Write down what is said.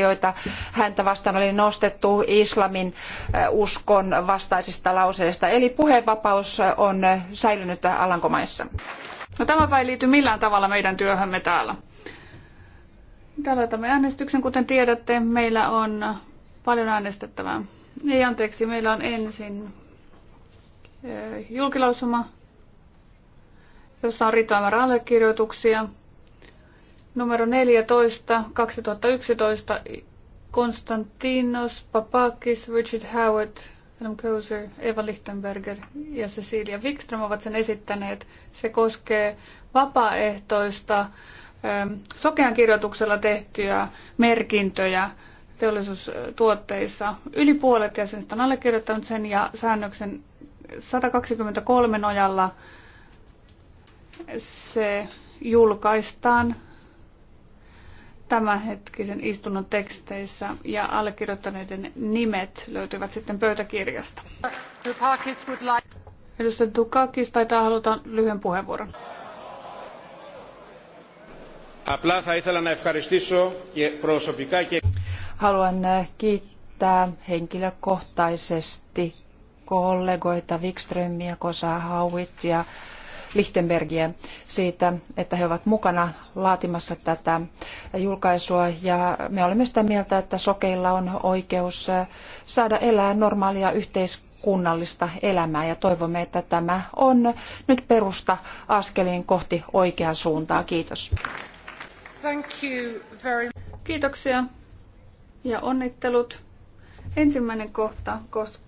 joita häntä vastaan oli nostettu islamin äh, uskon vastaisista lauseista. Eli puhevapaus äh, on äh, säilynyt Alankomaissa. No, tämä ei liity millään tavalla meidän työhömme täällä. Täällä otamme äänestyksen, kuten tiedätte. Meillä on paljon äänestettävää. Ei anteeksi, meillä on ensin julkilausuma, jossa on riittävä määrä allekirjoituksia numero 14 2011 Konstantinos Papakis, Richard Howard, Adam Koser, Eva Lichtenberger ja Cecilia Wikström ovat sen esittäneet. Se koskee vapaaehtoista ähm, sokean kirjoituksella tehtyjä merkintöjä teollisuustuotteissa. Yli puolet jäsenistä on allekirjoittanut sen ja säännöksen 123 nojalla se julkaistaan tämänhetkisen istunnon teksteissä ja allekirjoittaneiden nimet löytyvät sitten pöytäkirjasta. Edustaja Dukakis taitaa haluta lyhyen puheenvuoron. Haluan kiittää henkilökohtaisesti kollegoita Wikströmiä, Kosa Hauit ja Lichtenbergiä siitä, että he ovat mukana laatimassa tätä julkaisua. Ja me olemme sitä mieltä, että sokeilla on oikeus äh, saada elää normaalia yhteiskunnallista elämää ja toivomme, että tämä on nyt perusta askeliin kohti oikeaa suuntaa. Kiitos. Kiitoksia ja onnittelut. Ensimmäinen kohta koskee